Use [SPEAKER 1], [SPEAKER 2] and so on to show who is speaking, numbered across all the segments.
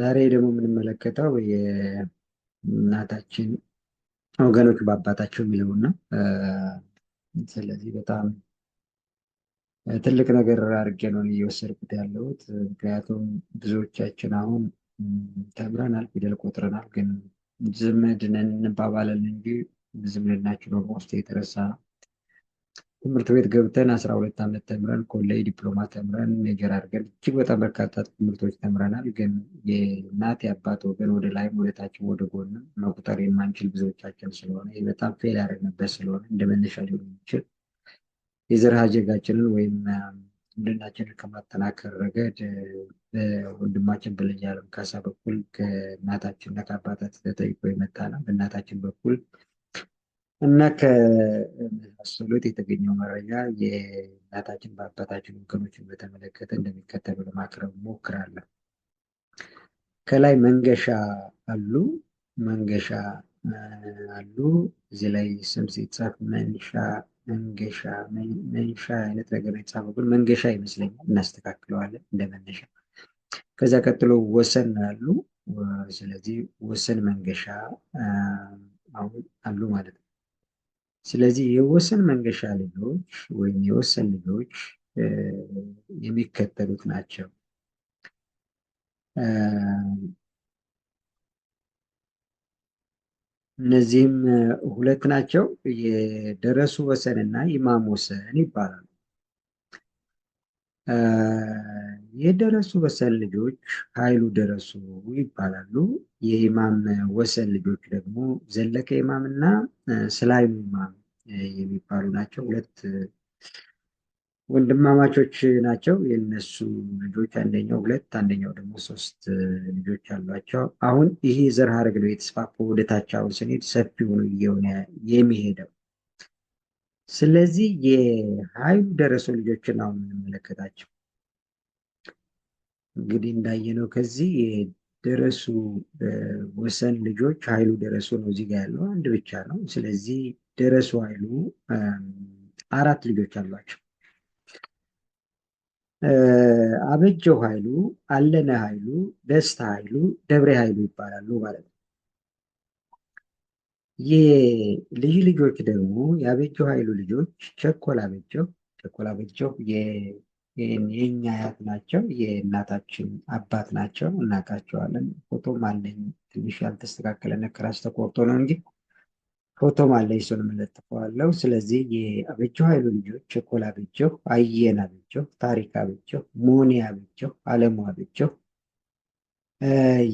[SPEAKER 1] ዛሬ ደግሞ የምንመለከተው የእናታችን ወገኖች በአባታቸው የሚለውን ነው። ስለዚህ በጣም ትልቅ ነገር አድርጌ ነው እየወሰድኩት ያለሁት። ምክንያቱም ብዙዎቻችን አሁን ተምረናል፣ ፊደል ቆጥረናል፣ ግን ዝምድነን እንባባለን እንጂ ዝምድናችን ኦልሞስት የተረሳ ነው። ትምህርት ቤት ገብተን አስራ ሁለት ዓመት ተምረን ኮሌጅ ዲፕሎማ ተምረን ሜጀር አድርገን እጅግ በጣም በርካታ ትምህርቶች ተምረናል። ግን የእናት የአባት ወገን ወደ ላይም ወደ ወደ ጎንም መቁጠር የማንችል ብዙዎቻችን ስለሆነ ይህ በጣም ፌል ያደረግንበት ስለሆነ እንደ መነሻ ሊሆን የሚችል የዘር ሀጀጋችንን ወይም ዝምድናችንን ከማጠናከር ረገድ በወንድማችን በልጅ ካሳ በኩል ከእናታችንና ከአባታት ተጠይቆ የመጣ ነው። በእናታችን በኩል እና ከመሳሰሉት የተገኘው መረጃ የእናታችን በአባታችን ወገኖችን በተመለከተ እንደሚከተሉ ለማቅረብ ሞክራለሁ። ከላይ መንገሻ አሉ መንገሻ አሉ። እዚህ ላይ ስም ሲጻፍ መንሻ፣ መንገሻ፣ መንሻ አይነት ነገር የተጻፈው ግን መንገሻ ይመስለኛል። እናስተካክለዋለን እንደ መነሻ። ከዛ ቀጥሎ ወሰን አሉ። ስለዚህ ወሰን መንገሻ አሉ ማለት ነው። ስለዚህ የወሰን መንገሻ ልጆች ወይም የወሰን ልጆች የሚከተሉት ናቸው። እነዚህም ሁለት ናቸው። የደረሱ ወሰን እና ኢማም ወሰን ይባላሉ። የደረሱ ወሰን ልጆች ኃይሉ ደረሱ ይባላሉ። የኢማም ወሰን ልጆች ደግሞ ዘለቀ ኢማም እና ስላይሙ ኢማም የሚባሉ ናቸው። ሁለት ወንድማማቾች ናቸው። የነሱ ልጆች አንደኛው ሁለት አንደኛው ደግሞ ሶስት ልጆች አሏቸው። አሁን ይሄ ዘር ሐረግ ነው የተስፋፋ ወደታች አሁን ስንሄድ ሰፊ ሆኖ እየሆነ የሚሄደው ስለዚህ የሀይሉ ደረሶ ልጆችን አሁን የምንመለከታቸው እንግዲህ እንዳየነው ከዚህ የደረሱ ወሰን ልጆች ሀይሉ ደረሱ ነው እዚህ ጋር ያለው አንድ ብቻ ነው። ስለዚህ ደረሱ ሀይሉ አራት ልጆች አሏቸው። አበጀው ሀይሉ፣ አለነ ሀይሉ፣ ደስታ ሀይሉ፣ ደብረ ሀይሉ ይባላሉ ማለት ነው። የልዩ ልጆች ደግሞ የአበጀው ኃይሉ ልጆች ቸኮል አበጀው ቸኮል አበጀው የእኛ አያት ናቸው። የእናታችን አባት ናቸው። እናቃቸዋለን። ፎቶም አለኝ። ትንሽ ያልተስተካከለ ነከራስ ተቆርጦ ነው እንጂ ፎቶም አለኝ። እሱን የምለጥፈዋለው። ስለዚህ የአበጀው ኃይሉ ልጆች ቸኮል አበጀው፣ አየን አበጀው፣ ታሪክ አበጀው፣ ሞኔ አበጀው፣ አለሙ አበጀው፣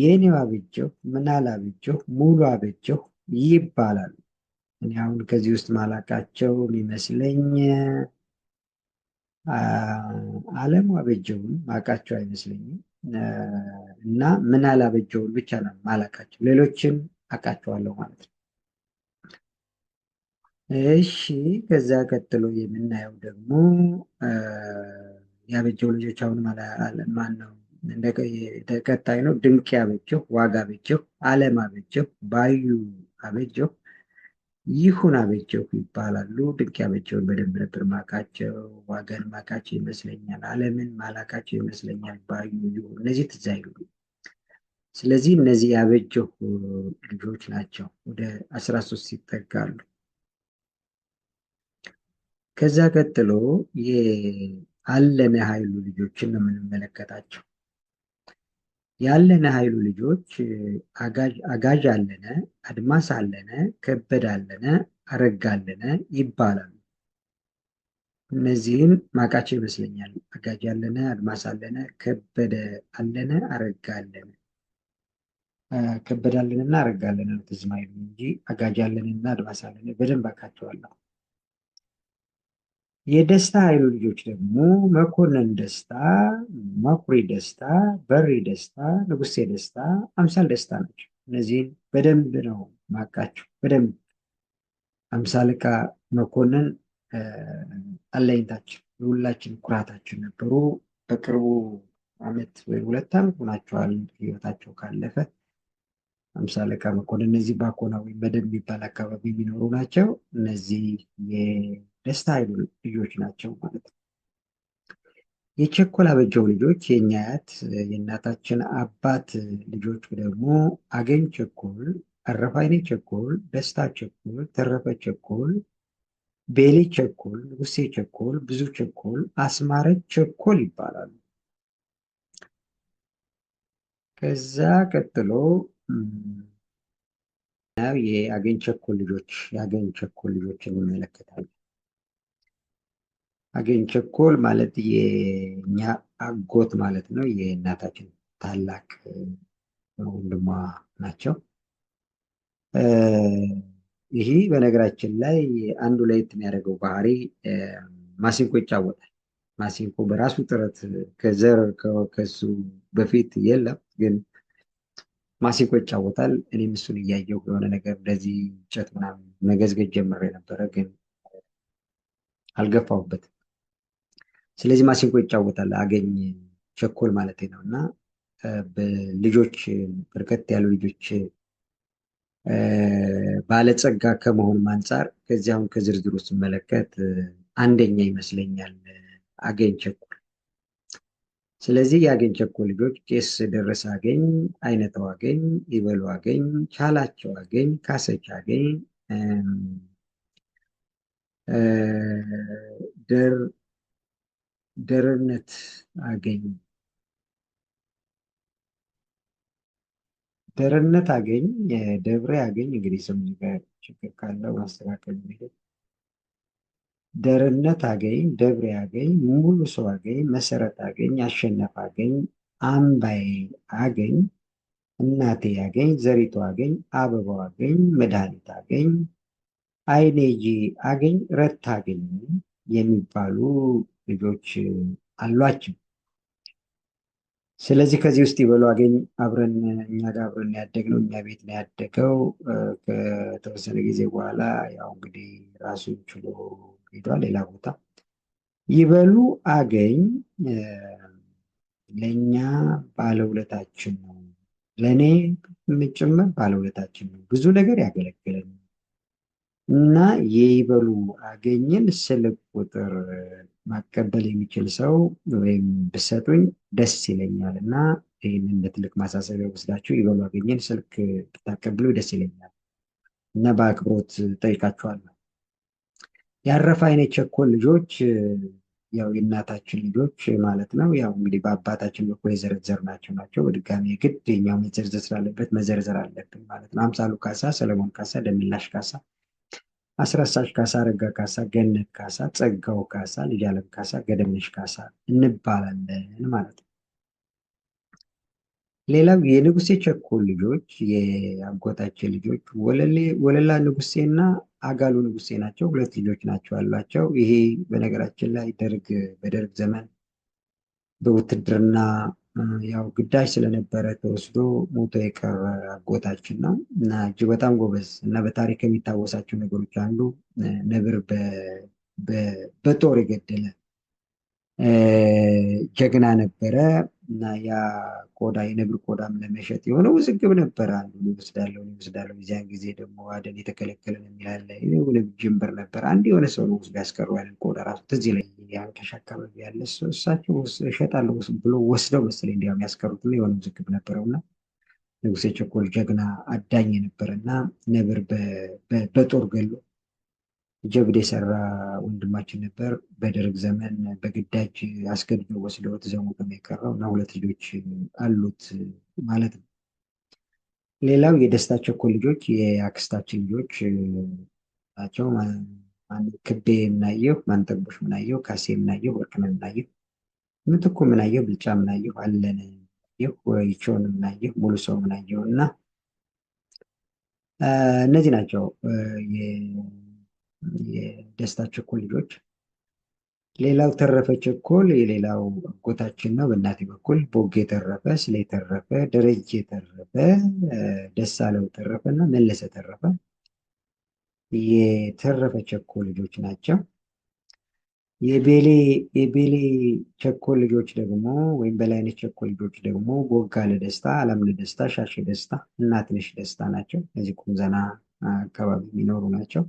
[SPEAKER 1] የኔው አበጀው፣ ምናል አበጀው፣ ሙሉ አበጀው ይባላል። እኔ አሁን ከዚህ ውስጥ ማላቃቸው የሚመስለኝ አለም አበጀውን ማቃቸው አይመስለኝም። እና ምን አላበጀውን ብቻ ነው ማላቃቸው፣ ሌሎችን አቃቸዋለሁ ማለት ነው። እሺ ከዛ ቀጥሎ የምናየው ደግሞ ያበጀው ልጆች አሁን ማን ነው? ተከታይ ነው ድንቅ ያበጀሁ፣ ዋጋ አበጀሁ፣ አለም አበጀው፣ ባዩ አበጀሁ፣ ይሁን አበጀሁ ይባላሉ። ድንቅ አበጀውን በደንብ ነበር ማቃቸው። ዋጋን ማቃቸው ይመስለኛል። አለምን ማላቃቸው ይመስለኛል። ባዩ ይሁን እነዚህ ትዝ አይሉ። ስለዚህ እነዚህ ያበጀሁ ልጆች ናቸው። ወደ አስራ ሶስት ይጠጋሉ። ከዛ ቀጥሎ የአለነ ኃይሉ ልጆችን ነው የምንመለከታቸው። ያለነ ኃይሉ ልጆች አጋዥ አለነ፣ አድማስ አለነ፣ ከበድ አለነ፣ አረጋ አለነ ይባላሉ። እነዚህም ማቃቸው ይመስለኛል። አጋዥ አለነ፣ አድማስ አለነ፣ ከበደ አለነ፣ አረጋ አለነ ከበድ አለንና አረጋ አለነ ነው እንጂ አጋዥ አለንና አድማስ አለነ በደንብ አካቸዋለሁ። የደስታ ኃይሉ ልጆች ደግሞ መኮንን ደስታ፣ መኩሪ ደስታ፣ በሪ ደስታ፣ ንጉሴ ደስታ፣ አምሳል ደስታ ናቸው። እነዚህን በደንብ ነው ማቃቸው። በደንብ አምሳልቃ መኮንን አለኝታችን የሁላችን ኩራታችን ነበሩ። በቅርቡ አመት ወይም ሁለት ዓመት ሆናቸዋል ህይወታቸው ካለፈ። አምሳለቃ መኮንን እነዚህ ባኮና ወይም በደንብ የሚባል አካባቢ የሚኖሩ ናቸው። እነዚህ ደስታ አይሉ ልጆች ናቸው ማለት ነው። የቸኮል አበጀው ልጆች የእኛ አያት የእናታችን አባት ልጆች ደግሞ አገኝ ቸኮል፣ አረፋይኔ ቸኮል፣ ደስታ ቸኮል፣ ተረፈ ቸኮል፣ ቤሌ ቸኮል፣ ንጉሴ ቸኮል፣ ብዙ ቸኮል፣ አስማረ ቸኮል ይባላሉ። ከዛ ቀጥሎ የአገኝ ቸኮል ልጆች የአገኝ ቸኮል ልጆችን እንመለከታለን። አገኝ ቸኮል ማለት የእኛ አጎት ማለት ነው። የእናታችን ታላቅ ወንድሟ ናቸው። ይህ በነገራችን ላይ አንዱ ለየት የሚያደርገው ባህሪ ማሲንቆ ይጫወታል። ማሲንኮ በራሱ ጥረት ከዘር ከሱ በፊት የለም፣ ግን ማሲንቆ ይጫወታል። እኔም እሱን እያየው የሆነ ነገር እንደዚህ እንጨት ምናምን መገዝገዝ ጀመረ ነበረ፣ ግን አልገፋሁበትም ስለዚህ ማሲንቆ ይጫወታል። አገኝ ቸኮል ማለት ነው እና ልጆች በርከት ያሉ ልጆች ባለጸጋ ከመሆኑም አንጻር ከዚህ አሁን ከዝርዝሩ ስመለከት አንደኛ ይመስለኛል አገኝ ቸኮል። ስለዚህ የአገኝ ቸኮል ልጆች ቄስ ደረሰ አገኝ፣ አይነተው አገኝ፣ ይበሉ አገኝ፣ ቻላቸው አገኝ፣ ካሰች አገኝ፣ ደረርነት አገኝ ደረርነት አገኝ ደብሬ አገኝ እንግዲህ ሰው ችግር ካለው ማስተካከል የሚሄድ ደርነት አገኝ ደብሬ አገኝ ሙሉ ሰው አገኝ መሰረት አገኝ አሸነፍ አገኝ አምባዬ አገኝ እናቴ አገኝ ዘሪቱ አገኝ አበባው አገኝ መድኃኒት አገኝ አይኔጂ አገኝ ረት አገኝ የሚባሉ ልጆች አሏቸው። ስለዚህ ከዚህ ውስጥ ይበሉ አገኝ አብረን እኛ ጋር አብረን ያደግ ነው እኛ ቤት ነው ያደገው። ከተወሰነ ጊዜ በኋላ ያው እንግዲህ ራሱን ችሎ ሄዷል ሌላ ቦታ። ይበሉ አገኝ ለእኛ ባለውለታችን ነው፣ ለእኔ የምጭምር ባለውለታችን ነው። ብዙ ነገር ያገለግለን እና የይበሉ አገኝን ስልክ ቁጥር ማቀበል የሚችል ሰው ወይም ብሰጡኝ ደስ ይለኛል እና ይህንን እንደ ትልቅ ማሳሰቢያ ወስዳችሁ ይበሉ አገኘን ስልክ ብታቀብሉ ደስ ይለኛል እና በአክብሮት ጠይቃችኋለሁ። ያረፈ አይነት ቸኮል ልጆች ያው የእናታችን ልጆች ማለት ነው። ያው እንግዲህ በአባታችን በኩል የዘረዘር ናቸው ናቸው በድጋሚ ግድ የኛው መዘርዘር ስላለበት መዘርዘር አለብን ማለት ነው። አምሳሉ ካሳ፣ ሰለሞን ካሳ፣ ደሚላሽ ካሳ አስረሳሽ ካሳ፣ ረጋ ካሳ፣ ገነት ካሳ፣ ጸጋው ካሳ፣ ልጃለም ካሳ፣ ገደምነሽ ካሳ እንባላለን ማለት ነው። ሌላው የንጉሴ ቸኮል ልጆች የአጎታቸው ልጆች ወለላ ንጉሴና አጋሉ ንጉሴ ናቸው። ሁለት ልጆች ናቸው ያሏቸው። ይሄ በነገራችን ላይ ደርግ በደርግ ዘመን በውትድርና ያው ግዳጅ ስለነበረ ተወስዶ ሞቶ የቀረ አጎታችን ነው እና እጅግ በጣም ጎበዝ እና በታሪክ ከሚታወሳቸው ነገሮች አንዱ ነብር በጦር የገደለ ጀግና ነበረ እና ያ ቆዳ የነብር ቆዳም ለመሸጥ የሆነ ውዝግብ ነበር። አንዱን ይወስዳለሁ ይወስዳለሁ። በዚያን ጊዜ ደግሞ አደን የተከለከለን ነው የሚላለ የሆነ ጅንበር ነበር። አንድ የሆነ ሰው ነው ወስዶ ያስቀሩ ያለን ቆዳ ራሱ ትዝ ላይ ያንከሽ አካባቢ ያለ እሳቸው እሸጣለሁ ብሎ ወስደው መሰለኝ እንዲያውም ያስቀሩት የሆነ ውዝግብ ነበረው ነበረውና ንጉሴ ቸኮል ጀግና አዳኝ እና ነብር በጦር ገሎ ጀብድ የሰራ ወንድማችን ነበር። በደርግ ዘመን በግዳጅ አስገድዶ ወስደውት ዘሙት ነው የቀረው እና ሁለት ልጆች አሉት ማለት ነው። ሌላው የደስታ ቸኮል ልጆች የአክስታችን ልጆች ናቸው። ክቤ የምናየው ማንጠቦሽ ምናየው፣ ካሴ የምናየው ወርቅነህ ምናየው፣ ምትኩ ምናየው፣ ብልጫ ምናየው፣ አለን ምናየው፣ ወይቸውን ምናየው፣ ሙሉ ሰው ምናየው እና እነዚህ ናቸው። የደስታ ቸኮል ልጆች። ሌላው ተረፈ ቸኮል የሌላው አጎታችን ነው። በእናቴ በኩል ቦጌ ተረፈ፣ ስሌ ተረፈ፣ ደረጀ ተረፈ፣ ደሳለው ተረፈ እና መለሰ ተረፈ የተረፈ ቸኮል ልጆች ናቸው። የቤሌ ቸኮል ልጆች ደግሞ ወይም በላይነት ቸኮል ልጆች ደግሞ ቦጋለ ደስታ፣ አላምነ ደስታ፣ ሻሼ ደስታ እና ትንሽ ደስታ ናቸው። እነዚህ ቁምዘና አካባቢ የሚኖሩ ናቸው።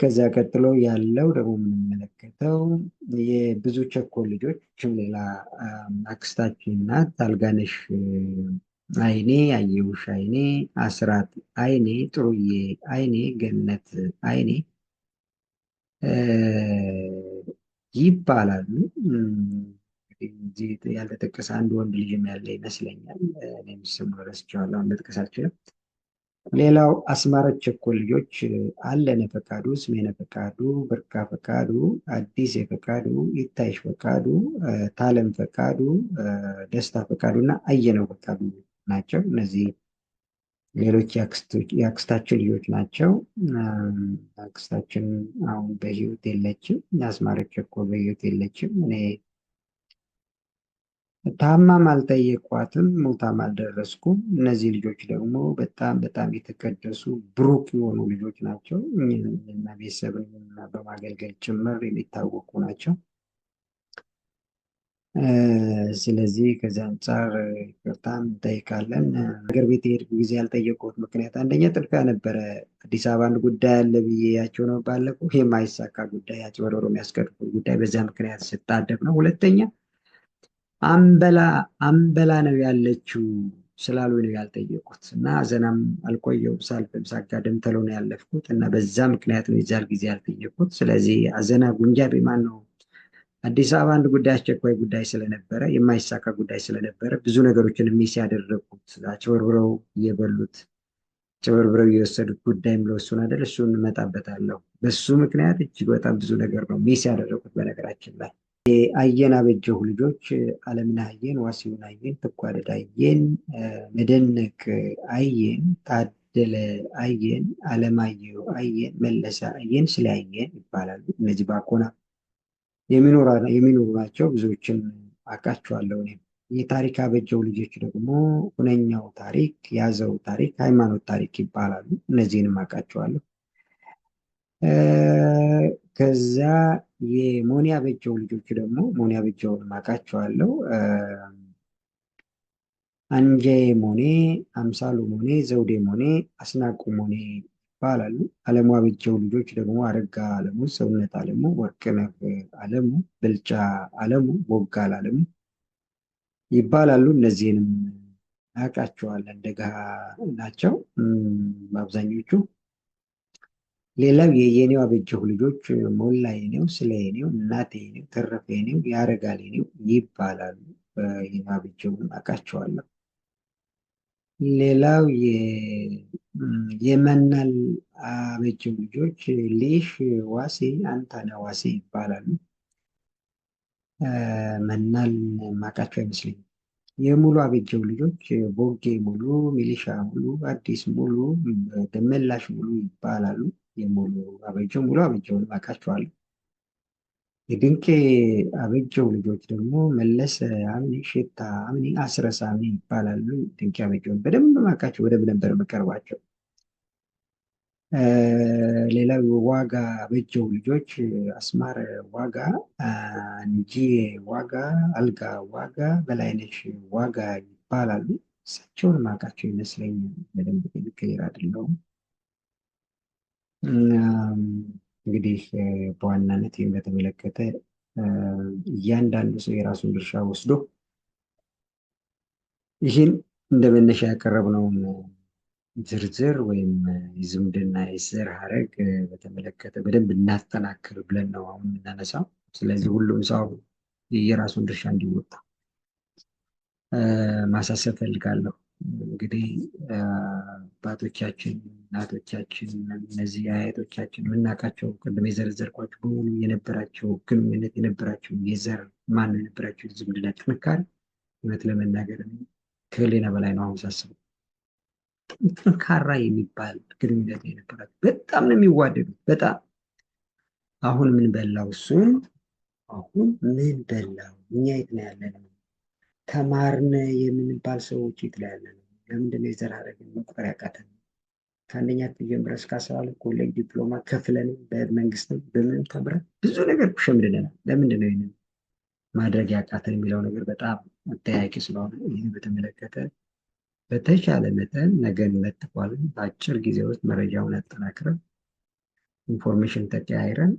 [SPEAKER 1] ከዚያ ቀጥሎ ያለው ደግሞ የምንመለከተው የብዙ ቸኮል ልጆች ሌላ አክስታችን ናት። አልጋነሽ አይኔ፣ አየውሽ አይኔ፣ አስራት አይኔ፣ ጥሩዬ አይኔ፣ ገነት አይኔ ይባላሉ። ያልተጠቀሰ አንድ ወንድ ልጅም ያለ ይመስለኛል። ስሙ ረስቼዋለሁ፣ መጥቀስ ሌላው አስማረ ቸኮል ልጆች አለነ ፈቃዱ፣ ስሜነ ፈቃዱ፣ ብርካ ፈቃዱ፣ አዲስ ፈቃዱ፣ ይታይሽ ፈቃዱ፣ ታለም ፈቃዱ፣ ደስታ ፈቃዱ እና አየነው ፈቃዱ ናቸው። እነዚህ ሌሎች የአክስታቸው ልጆች ናቸው። አክስታችን አሁን በህይወት የለችም። አስማረ ቸኮል በህይወት የለችም። እኔ ታማም አልጠየቋትም፣ ሞታም አልደረስኩም። እነዚህ ልጆች ደግሞ በጣም በጣም የተቀደሱ ብሩክ የሆኑ ልጆች ናቸው። እኛና ቤተሰብን በማገልገል ጭምር የሚታወቁ ናቸው። ስለዚህ ከዚ አንጻር ይቅርታም እንጠይቃለን። ሀገር ቤት የሄድኩ ጊዜ ያልጠየቁት ምክንያት አንደኛ ጥድፊያ ነበረ። አዲስ አበባ አንድ ጉዳይ አለ ብዬ ያቸው ነው ባለፈው። የማይሳካ ጉዳይ አጭበርብሮ የሚያስቀርቡ ጉዳይ በዚያ ምክንያት ስታደብ ነው። ሁለተኛ አንበላ አንበላ ነው ያለችው ስላሉ ነው ያልጠየቁት እና ዘናም አልቆየው ሳልፍም ሳጋደም ተሎ ነው ያለፍኩት እና በዛ ምክንያት ነው የዛል ጊዜ ያልጠየቁት። ስለዚህ አዘና ጉንጃቤ ማን ነው አዲስ አበባ አንድ ጉዳይ አስቸኳይ ጉዳይ ስለነበረ የማይሳካ ጉዳይ ስለነበረ ብዙ ነገሮችን ሚስ ያደረጉት አጭበርብረው እየበሉት ጭበርብረው እየወሰዱት ጉዳይም ለወሱን አደል እሱ እንመጣበታለሁ። በሱ ምክንያት እጅግ በጣም ብዙ ነገር ነው ሚስ ያደረጉት በነገራችን ላይ የአየን አበጀሁ ልጆች አለምን አየን ዋሲውን አየን ትጓደድ አየን መደነቅ አየን ታደለ አየን አለማየሁ አየን መለሰ አየን ስለ አየን ይባላሉ። እነዚህ ባኮና የሚኖሩ ናቸው። ብዙዎችን አውቃቸዋለሁ እኔም። የታሪክ አበጀው ልጆች ደግሞ ሁነኛው ታሪክ፣ ያዘው ታሪክ፣ ሃይማኖት ታሪክ ይባላሉ። እነዚህንም አውቃቸዋለሁ ከዛ የሞኒያ በጀው ልጆች ደግሞ ሞኒያ በጀውን ማቃቸዋለው። አንጄ ሞኔ፣ አምሳሉ ሞኔ፣ ዘውዴ ሞኔ፣ አስናቁ ሞኔ ይባላሉ። አለሙ አበጀው ልጆች ደግሞ አረጋ አለሙ፣ ሰውነት አለሙ፣ ወርቅነህ አለሙ፣ ብልጫ አለሙ፣ ቦጋል አለሙ ይባላሉ። እነዚህንም እናውቃቸዋለን። ደጋ ናቸው አብዛኞቹ። ሌላው የየኔው አበጀሁ ልጆች ሞላ የኔው፣ ስለ የኔው፣ እናቴ የኔው፣ ተረፈ የኔው፣ ያረጋል የኔው ይባላሉ። የኔው አበጀሁን አውቃቸዋለሁ። ሌላው የመናል አበጀሁ ልጆች ሌሽ ዋሴ፣ አንታነ ዋሴ ይባላሉ። መናል ማቃቸው አይመስለኝ። የሙሉ አበጀሁ ልጆች ቦጌ ሙሉ፣ ሚሊሻ ሙሉ፣ አዲስ ሙሉ፣ ደመላሽ ሙሉ ይባላሉ። የሙሉ አበጀው ሙሉ አበጀውንም አውቃቸዋለሁ። የድንቄ አበጀው ልጆች ደግሞ መለሰ አምኒ ሽታ አምኒ አስረስ አምኒ ይባላሉ። ድንቄ አበጀውን በደንብ ማውቃቸው ወደብ ነበር መቀርባቸው። ሌላው ዋጋ አበጀው ልጆች አስማረ ዋጋ፣ እንጂ ዋጋ፣ አልጋ ዋጋ፣ በላይነሽ ዋጋ ይባላሉ። እሳቸውን ማውቃቸው ይመስለኛል። በደንብ ትክክል አይደለሁም። እንግዲህ በዋናነት ይህን በተመለከተ እያንዳንዱ ሰው የራሱን ድርሻ ወስዶ ይህን እንደ መነሻ ያቀረብነውን ዝርዝር ወይም የዝምድና የዘር ሀረግ በተመለከተ በደንብ እናጠናክር ብለን ነው አሁን የምናነሳው። ስለዚህ ሁሉም ሰው የራሱን ድርሻ እንዲወጣ ማሳሰብ ፈልጋለሁ። እንግዲህ አባቶቻችን እናቶቻችን እነዚህ አያቶቻችን የምናውቃቸው ቅድም የዘረዘርኳቸው በሙሉ የነበራቸው ግንኙነት የነበራቸው የዘር ማን የነበራቸው ዝምድና ጥንካሬ እውነት ለመናገር ከህሊና በላይ ነው። አሁን ሳስበው ጠንካራ የሚባል ግንኙነት የነበራቸው በጣም ነው የሚዋደዱት። በጣም አሁን ምን በላው እሱ አሁን ምን በላው እኛ የት ነው ያለ ተማርነ የምንባል ሰዎች የት ላይ ያለ ለምንድነው የዘር ሐረግን መቁጠር ያቃተን? ከአንደኛ ጀምረ እስከ አስራ ሁለት ኮሌጅ ዲፕሎማ ከፍለን በመንግስትም በምንም ተምረን ብዙ ነገር ሸምድደናል። ለምንድን ነው ይህንን ማድረግ ያቃተን የሚለው ነገር በጣም አጠያቂ ስለሆነ ይህን በተመለከተ በተቻለ መጠን ነገን ለጥፏልን በአጭር ጊዜ ውስጥ መረጃውን አጠናክረን ኢንፎርሜሽን ተቀያይረን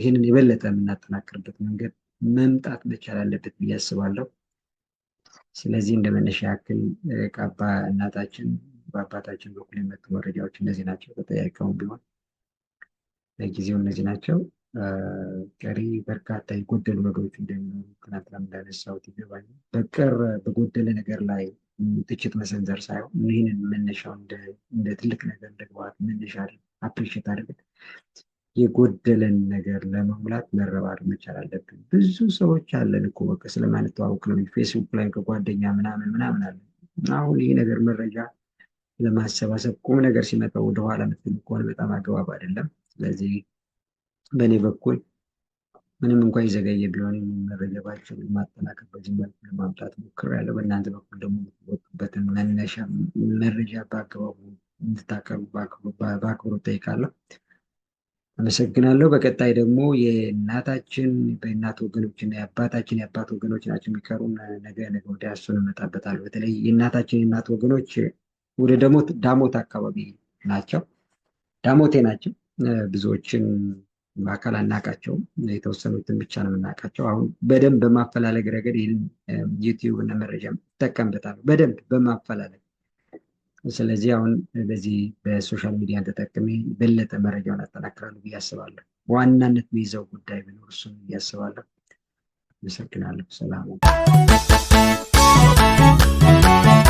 [SPEAKER 1] ይህንን የበለጠ የምናጠናክርበት መንገድ መምጣት መቻል አለበት ብዬ አስባለሁ። ስለዚህ እንደመነሻ ያክል ቀባ እናታችን በአባታችን በኩል የመጡ መረጃዎች እነዚህ ናቸው። ተጠያቂውም ቢሆን ለጊዜው እነዚህ ናቸው። ቀሪ በርካታ የጎደሉ ነገሮች እንደሚኖሩ ትናንትናም እንዳነሳሁት ይገባኝ በቀር በጎደለ ነገር ላይ ትችት መሰንዘር ሳይሆን ይህንን መነሻው እንደ ትልቅ ነገር እንደ ግባት መነሻ አፕሪሽት አድርገን የጎደለን ነገር ለመሙላት መረባር መቻል አለብን። ብዙ ሰዎች አለን እኮ በቃ ስለማንተዋወቅ ነው ፌስቡክ ላይ ከጓደኛ ምናምን ምናምን አለን። አሁን ይህ ነገር መረጃ ለማሰባሰብ ቁም ነገር ሲመጣ ወደኋላ የምትል ከሆነ በጣም አግባብ አይደለም። ስለዚህ በእኔ በኩል ምንም እንኳ የዘገየ ቢሆን መረጃ ባልችል ማጠናከር በዚህ መልክ ለማምጣት ሞክሬያለሁ። በእናንተ በኩል ደግሞ የምትወጡበትን መነሻ መረጃ በአግባቡ እንድታቀርቡ በአክብሮ ጠይቃለሁ። አመሰግናለሁ። በቀጣይ ደግሞ የእናታችን በእናት ወገኖች እና የአባታችን የአባት ወገኖች ናቸው የሚቀሩ ነገ ነገ ወዲያ እሱን እመጣበታለሁ። በተለይ የእናታችን የእናት ወገኖች ወደ ዳሞት አካባቢ ናቸው። ዳሞቴ ናቸው። ብዙዎችን በአካል አናቃቸውም። የተወሰኑትን ብቻ ነው የምናውቃቸው። አሁን በደንብ በማፈላለግ ረገድ ይህን ዩቲዩብ እና መረጃ እጠቀምበታለሁ በደንብ በማፈላለግ ስለዚህ አሁን በዚህ በሶሻል ሚዲያን ተጠቅሜ በለጠ መረጃውን አጠናክራለሁ ብዬ አስባለሁ። ዋናነት የሚይዘው ጉዳይ ቢኖር እሱን ብዬ አስባለሁ። አመሰግናለሁ። ሰላም